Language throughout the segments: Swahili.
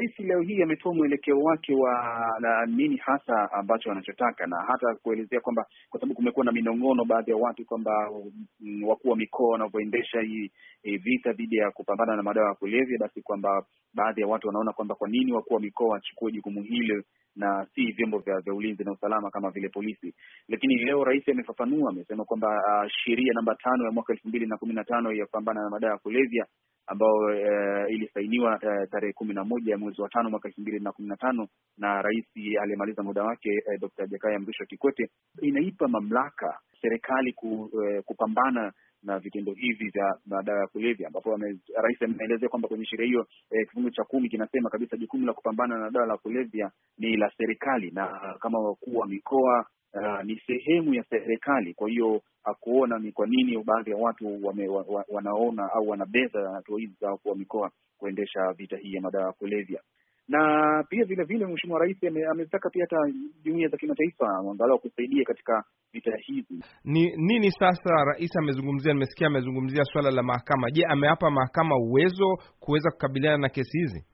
rais leo hii ametoa mwelekeo wake wa na nini hasa ambacho anachotaka, na hata kuelezea kwamba kwa sababu kumekuwa na minong'ono baadhi ya watu kwamba mm, wakuu wa mikoa wanavyoendesha hii e, vita dhidi ya kupambana na madawa ya kulevya, basi kwamba baadhi ya watu wanaona kwamba kwa nini wakuu wa mikoa wachukue jukumu hilo na si vyombo vya, vya ulinzi na usalama kama vile polisi. Lakini leo rais amefafanua, amesema kwamba uh, sheria namba tano ya mwaka elfu mbili na kumi na tano ya kupambana na madawa ya kulevya ambayo uh, eh, ilisainiwa uh, tarehe kumi na moja ya mwezi wa tano mwaka elfu mbili na kumi na tano na rais aliyemaliza muda wake uh, eh, Dkt. Jakaya Mrisho Kikwete, inaipa mamlaka serikali ku, kupambana na vitendo hivi vya madawa ya kulevya, ambapo rais ameelezea kwamba kwenye sheria hiyo eh, kifungu cha kumi kinasema kabisa jukumu la kupambana na dawa la kulevya ni la serikali, na kama wakuu wa mikoa Uh, ni sehemu ya serikali. Kwa hiyo hakuona ni kwa nini baadhi ya watu wame, wa, wanaona au wanabeza hatua hizi za wakuu wa mikoa kuendesha vita hii ya madawa ya kulevya na pia vile vile Mheshimiwa Rais ametaka pia hata jumuiya za kimataifa angalau kusaidia katika vita hivi. Ni nini sasa rais amezungumzia? Nimesikia amezungumzia swala la mahakama. Je, amewapa mahakama uwezo kuweza kukabiliana na kesi hizi?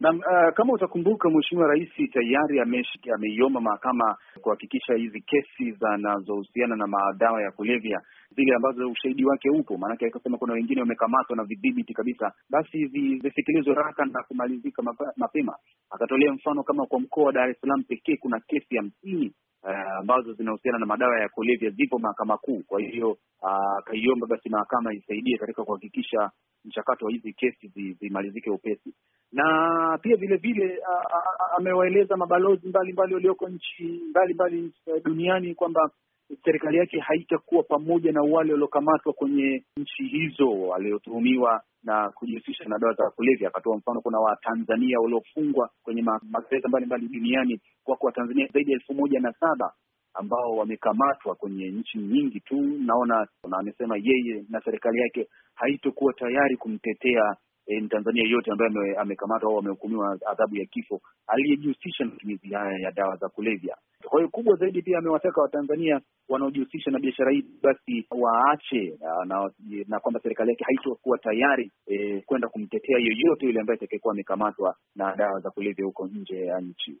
Na uh, kama utakumbuka Mheshimiwa Rais tayari ameiomba mahakama kuhakikisha hizi kesi zinazohusiana na madawa ya kulevya zile ambazo ushahidi wake upo, maanake akasema kuna wengine wamekamatwa na vidhibiti kabisa, basi zisikilizwe haraka na kumalizika mapema. Akatolea mfano kama kwa mkoa wa Dar es Salaam pekee kuna kesi hamsini eh, ambazo uh, zinahusiana na madawa ya kulevya zipo mahakama kuu. Kwa hiyo ah, akaiomba uh, basi mahakama isaidie katika kuhakikisha mchakato wa hizi kesi zimalizike upesi, na pia vile vile amewaeleza mabalozi mbalimbali walioko nchi mbalimbali mbali eh, duniani kwamba serikali yake haitakuwa pamoja na wale waliokamatwa kwenye nchi hizo waliotuhumiwa na kujihusisha na dawa za kulevya. Akatoa mfano, kuna Watanzania waliofungwa kwenye magereza mbalimbali duniani, kwako Watanzania zaidi ya elfu moja na saba ambao wamekamatwa kwenye nchi nyingi tu naona, na amesema yeye na serikali yake haitokuwa tayari kumtetea e, Mtanzania yeyote ambaye amekamatwa au amehukumiwa adhabu ya kifo aliyejihusisha na matumizi haya ya dawa za kulevya. Kwa hiyo kubwa zaidi pia amewataka Watanzania wanaojihusisha na biashara hii basi waache na, na, na kwamba serikali yake haitokuwa tayari e, kwenda kumtetea yoyote yule ambaye atakayekuwa amekamatwa na dawa za kulevya huko nje ya nchi.